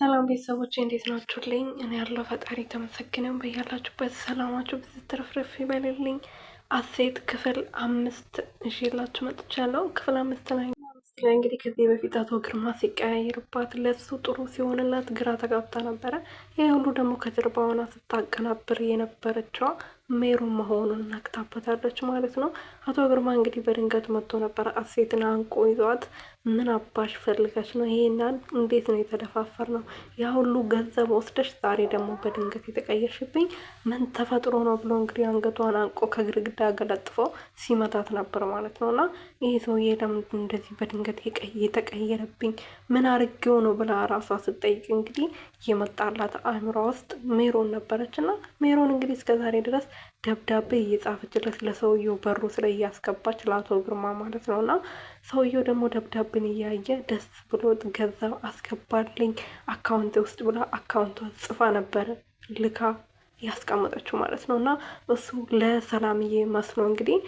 ሰላም ቤተሰቦች እንዴት ናችሁልኝ? እኔ ያለው ፈጣሪ ተመሰግነው። በያላችሁበት ሰላማችሁ ብዙ ትርፍርፍ ይበልልኝ። አሴት ክፍል አምስት እሽላችሁ መጥቻለሁ። ክፍል አምስት ላይ እንግዲህ ከዚህ በፊት አቶ ግርማ ሲቀያየርባት ለሱ ጥሩ ሲሆንላት ግራ ተጋብታ ነበረ። ይህ ሁሉ ደግሞ ከጀርባ ሆና ስታቀናብር የነበረችዋ ሜሮ መሆኑን እናክታበታለች ማለት ነው። አቶ ግርማ እንግዲህ በድንገት መጥቶ ነበረ አሴትን አንቆ ይዘዋት፣ ምን አባሽ ፈልገች ነው ይሄናን? እንዴት ነው የተደፋፈር ነው? ያ ሁሉ ገንዘብ ወስደሽ ዛሬ ደግሞ በድንገት የተቀየርሽብኝ ምን ተፈጥሮ ነው ብሎ እንግዲህ አንገቷን አንቆ ከግድግዳ ገለጥፎ ሲመታት ነበር ማለት ነው። እና ይሄ ሰውዬ ለምንድን እንደዚህ በድንገት የተቀየረብኝ ምን አርጌው ነው ብላ ራሷ ስጠይቅ እንግዲህ የመጣላት አእምሯ ውስጥ ሜሮን ነበረች እና ሜሮን እንግዲህ እስከዛሬ ድረስ ደብዳቤ እየጻፈችለት ለሰውየው በሩ ስለ እያስገባች ለአቶ ግርማ ማለት ነው። እና ሰውየው ደግሞ ደብዳቤን እያየ ደስ ብሎት ገንዘብ አስገባልኝ አካውንቴ ውስጥ ብላ አካውንቷ ጽፋ ነበረ ልካ ያስቀመጠችው ማለት ነው። እና እሱ ለሰላምዬ መስሎ እንግዲህ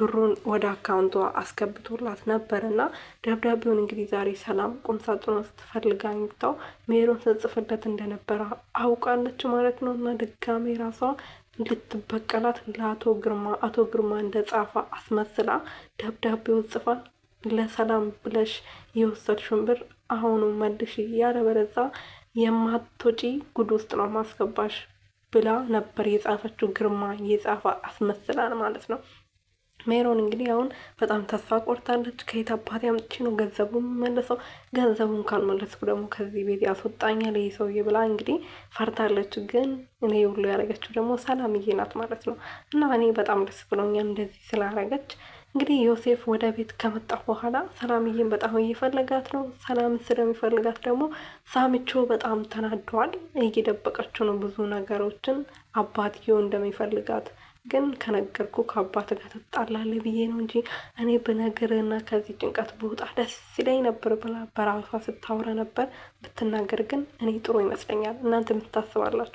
ብሩን ወደ አካውንቷ አስገብቶላት ነበር እና ደብዳቤውን እንግዲህ ዛሬ ሰላም ቁምሳጥኖ ሳጥኗ ስትፈልግ ሜሮን ስጽፍለት እንደነበረ አውቃለች ማለት ነው እና ድጋሜ ራሷ ልትበቀላት ለአቶ ግርማ አቶ ግርማ እንደጻፈ አስመስላ ደብዳቤውን ጽፋ ለሰላም ብለሽ የወሰድሽውን ብር አሁኑ መልሽ ያለበለዛ የማትወጪ ጉድ ውስጥ ነው ማስገባሽ ብላ ነበር የጻፈችው። ግርማ የጻፋ አስመስላል ማለት ነው። ሜሮን እንግዲህ አሁን በጣም ተስፋ ቆርታለች። ከየት አባቴ አምጥቼ ነው ገንዘቡን መለሰው? ገንዘቡን ካልመለስኩ ደግሞ ከዚህ ቤት ያስወጣኛል ይህ ሰውዬ ብላ እንግዲህ ፈርታለች። ግን እኔ ሁሉ ያደረገችው ደግሞ ሰላምዬ ናት ማለት ነው። እና እኔ በጣም ደስ ብሎኛል እንደዚህ ስላደረገች። እንግዲህ ዮሴፍ ወደ ቤት ከመጣ በኋላ ሰላምዬን በጣም እየፈለጋት ነው። ሰላም ስለሚፈልጋት ደግሞ ሳምቾ በጣም ተናዷል። እየደበቀችው ነው ብዙ ነገሮችን አባትየው እንደሚፈልጋት ግን ከነገርኩ ከአባት ጋር ትጣላለ ብዬ ነው እንጂ እኔ ብነግርህና ከዚህ ጭንቀት ብውጣ ደስ ይለኝ ነበር ብላ በራሷ ስታወራ ነበር። ብትናገር ግን እኔ ጥሩ ይመስለኛል። እናንተ የምታስባላችሁ